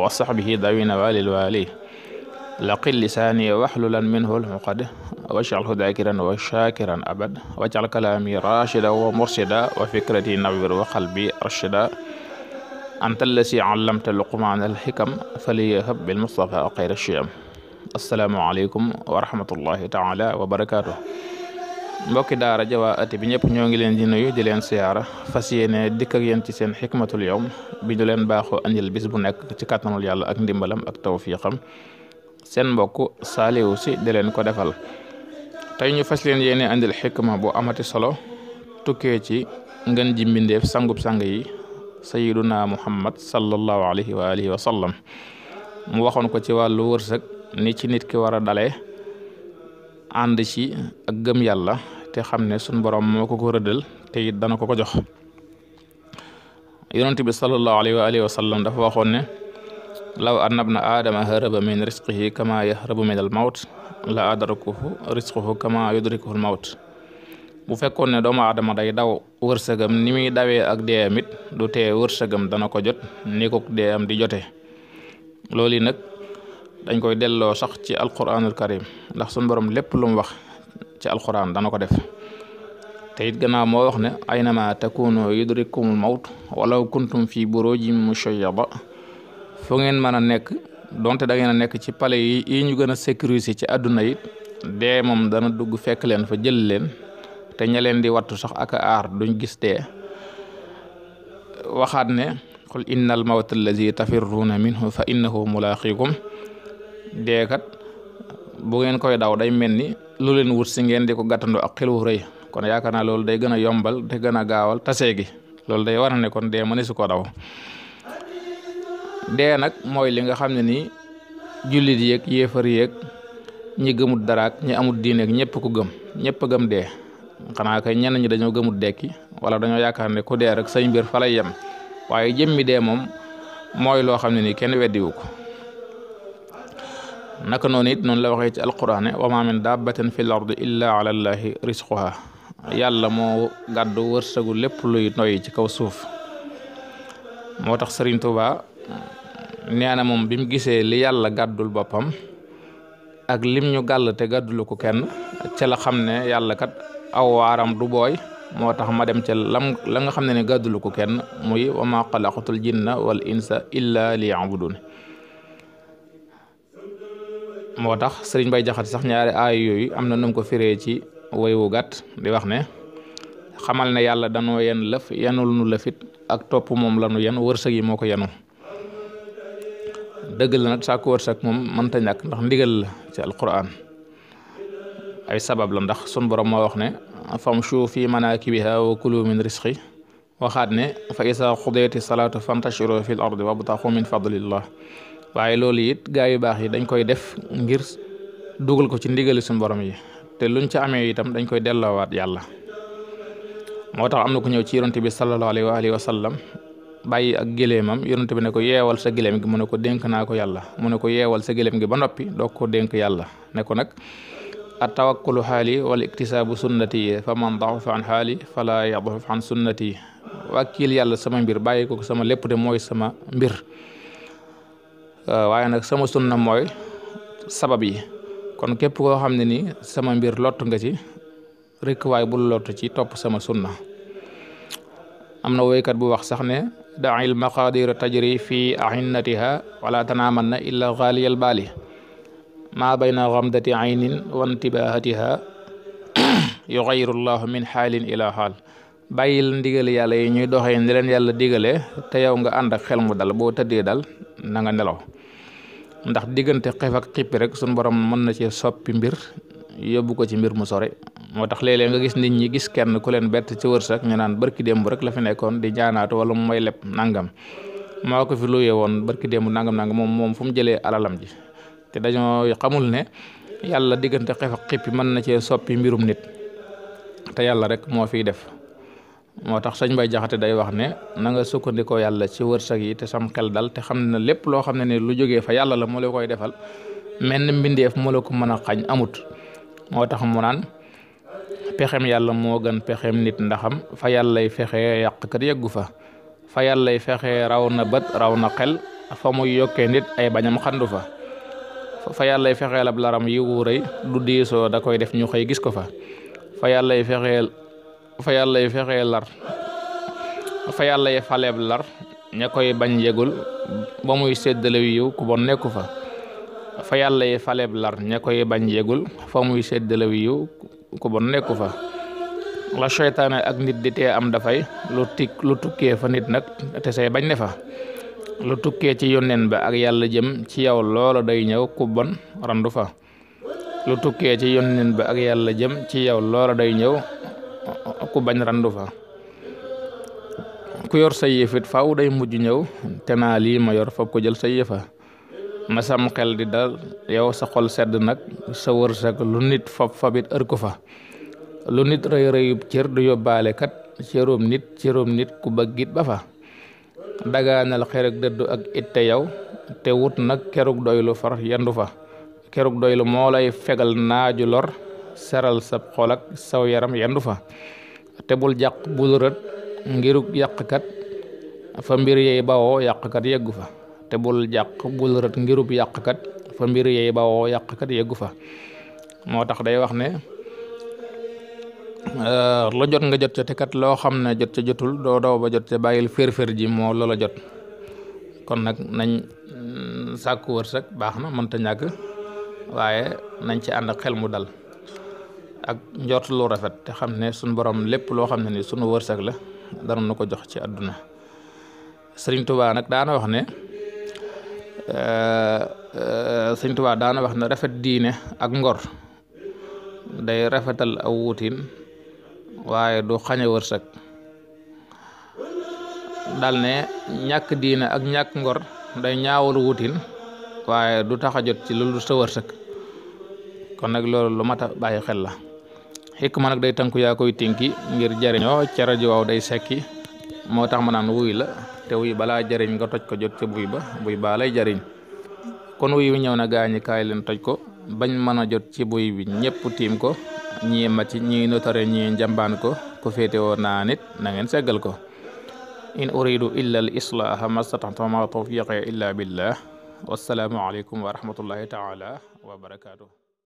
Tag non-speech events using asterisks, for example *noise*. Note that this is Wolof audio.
wa saxbihi dawi nawalil wali laqil lisaani waxlulan minhu lmuqad wajcalhu dakiran wa shakiran abad wajcal kalaami rachida wa mursida wa fikrati nawir wa qalbi arshida anta allasi allamta luqmaan alxikam faliyahab bilmustafa xayra shiyam assalaamu aleykum wa rahmatullahi taala wa barakatuh mbokki daara ja waa ati bi ñëpp ñoo ngi leen di nuyu di leen siyaara fas yéene dikk ak yéen ci seen xikmatul yawm bi ñu leen baaxoo andil bis bu nekk ci kàttanul yàlla ak ndimbalam ak tawfiqam seen mbokk saaliwu si di leen ko defal tey ñu fas leen yéene andil xikma bu amati solo tukkee ci ngën ji mbindeef sangub sang yi sayiduna muhammad sallallahu alayhi wa alihi wa mu waxoon ko ci wàllu wërsëg ni ci nit ki war a dalee ànd ci a gëm yàlla te xam ne suñ borom moo ko ko rëddal te it dana ko ko jox yonent bi sallallahu alayhi wa alihi wa sallam dafa waxoon ne law annabna aadama haraba min risqihi kama yahrabu min al mawt la adrakuhu risquhu kama yudrikuhu mawt bu fekkoon ne doomu aadama day daw wërsëgam ni muy dawee ak deeyam it du tee wërsëgam dana ko jot ni ko deeyam di jote loolu nag dañ koy delloo sax ci alquranul karim ndax suñu borom lépp lu wax ci alquran dana ko def te it moo wax ne aynama takunu yudrikumul mawt walaw kuntum fi burujin mushayyada fu ngeen mën a nekk donte da ngeen nekk ci pale yi yi ñu gën a sécuriser ci àdduna yi dee moom dana dugg fekk leen fa jël leen te ña leen di wattu sax ak aar duñ gis dee waxaat ne qul innal mawta allazi tafirruuna minhu fa innahu mulaaqikum kat bu ngeen koy daw day mel ni lu leen wut si ngeen di ko gàttandoo ak xel rëy kon yaakaar naa loolu day gën a yombal te gën a gaawal tase gi loolu day war a ne kon dee mëne su ko daw dee nag mooy li nga xam ne nii jullit yeeg yéefar yeeg ñi gëmut daraak ñi amut diineeg ñëpp ko gëm ñëpp gëm dee xanaa kay ñenn ñi dañoo gëmut dekki wala dañoo yaakaar ne ku dee rek sañ mbir fa lay yem waaye jëmmi dee moom mooy loo xam ne nii kenn weddiwu ko naka noonu it noonu la waxee ci alquran wa ma min dabbatin fi l ardi illa ala risquha yàlla moo gàddu wërsëgu lépp luy noyyi ci kaw suuf moo tax Sëriñ Tuuba nee na moom bi mu gisee li yàlla gàddul boppam ak lim ñu gàll te gàddulu ko kenn ca la xam ne yàlla kat aw du booy moo tax ma dem ca lam la nga xam ne ne gàddulu ko kenn muy wa ma xalaqatul jinna wal insa illa liya'budun moo tax sëriñ bay jaxat sax ñaari aay yooyu am na nu ko firee ci way wu gàtt di wax ne xamal na yàlla danoo yen lëf yenul nu lëfit ak topp moom la nu yen yi moo ko yenu dëgg la nag sàkku wërsëg moom mënta ñàkk ndax ndigal la ay sabab la ndax sun borom moo wax ne famshu fi manakibiha wa kulu min risqi waxaat ne fa isa xudiyati salaatu fantashiru fil ardi wabtaxu min fadlillah waaye loolu it gaa yu baax yi dañ koy def ngir dugal ko ci ndigali suñu borom yi te luñ ca amee itam dañ koy dellowaat yàlla moo tax am na ku ñëw ci yonent bi sallallahu alayhi wa wa sallam bàyyi ak gileemam yonent bi ne ko yeewal sa gileem gi mu ne ko dénk naa ko yàlla mu ne ko yeewal sa gileem gi ba noppi doog ko dénk yàlla ne ko nag at tawakkulu xaali wala iktisaabu sunnati fa man daxufa an xaali fala yadxuf an sunnati wàkkil yàlla sama mbir bàyyi ko sama lépp de mooy sama mbir Euh, waaye nag sama sunna mooy sabab yi kon képp koo xam ne ni sama mbir lot nga ci rek waaye bul lottu ci topp sama sunna am na woykat bu wax sax ne dail maqadir tajri fi ahinnatiha wala tanaamanna illa xaaliyal baali maa bayna xamdati aynin wa intibahatiha *clears throat* yuxayiru llahu min xaalin ila xaal bàyyil ndigal yàlla yi ñuy doxee ni leen yàlla digale te yow nga ànd ak xel mu dal boo tëddee dal nanga nga nelaw ndax diggante xef ak xippi rek suñu borom mën na cee soppi mbir yóbbu ko ci mbir mu sore moo tax léeg nga gis nit ñi gis kenn ku leen bett ci wër sak ñu naan barki démb rek la fi nekkoon di jaanaatu wala mu may leb nangam maa ko fi luye woon barki démb nangam nangam moom moom fu mu jëlee alalam ji te dañoo xamul ne yàlla diggante xef ak xippi mën na cee soppi mbirum nit te yàlla rek moo fiy def. moo tax sëñ Bay Jaxate day wax ne nanga sukkandikoo yàlla ci wërsëg yi te sam xel dal te xam ne lépp loo xam ne ne lu jógee fa yàlla la moo la koy defal mel mbindeef moo la ko mën a xañ amut moo tax mu naan pexem yàlla moo gën pexem nit ndaxam fa yàllay fexe yàq kat yeggu fa fa yàllay fexee raw na bët raw na xel fa muy yokkee nit ay bañam xandu fa fa yàllay fexeel la laram yi wuurëy du diisoo da koy def ñu xëy gis ko fa fa yàllay fexeel fa yàlla yi fexee lar fa yàlla yi faleeb lar ña koy bañ yegul ba muy fa fa muy séddale ku bon nekku fa la seytaane ak nit di tee am dafay lu tik lu tukkee fa nit nag te say bañ ne fa lu tukkee ci yónneen ba ak yàlla jëm ci yow loola day ñëw ku bon ci yónneen ba jëm ci yow loola day ñëw ku bañ randu fa ku yor sa yëf it faaw day mujj ñëw te naa lii ma yor foog ko jël sa yëfa na sam xel di dal yow sa xol sedd nag sa wërsëg lu nit fab fabit ër ko fa lu nit rëy rëyub cër du yóbbaale kat cërum nit cërum nit ku bëggit ba fa dagaanal xereg dëddu ak itte yow te wut nag kerug doylu far yendu fa kerug doylu moo fegal naaju lor seral sab xol ak saw yaram yendu fa tebul bul jàq bul rët ngiruk yàqkat fa mbir yey bawoo yàqkat yeggu fa te bul jàq ngirub yàqkat fa mbir yey bawoo yàqkat yeggu fa moo tax day wax ne euh, la jot nga jot ca te loo xam ne jot ca jotul doo daw ba jot ca bàyyil ji moo jot kon nag nañ mm, sàkku wërsëg baax na mënta ñàkk waaye nañ ci ànd xel mu dal ak njort lu rafet te xam ne sunu borom lépp loo xam ne ni sunu wërsëg la dana nu ko jox ci àdduna sëriñ Tuubaa nag daana wax ne eh, eh, sëriñ Tuubaa daana wax ne rafet diine ak ngor day rafetal aw wutin waaye du xañe wërsëg dal ne ñàkk diine ak ñàkk ngor day ñaawal wutin waaye du tax a jot ci loolu sa wërsëg kon nag loolu lu mat a bàyyi xel la xikma nag day tanku yaa koy tinki ngir jariño ca rajo day sekki moo tax ma naan wuy la te wuy balaa jariñ nga toj ko jot ca buy ba buy baa jariñ kon wuy wi ñëw na gaañi kaay leen toj ko bañ mën a jot ci buy bi ñëpp tiim ko ñii màcc ñii notare ñii njambaan ko ku féete woo naa nit na ngeen seggal ko in uridu illa al islaaha mastata'tu ma tawfiqi illa billah wassalaamu aleykum wa rahmatullahi taala wa barakaatu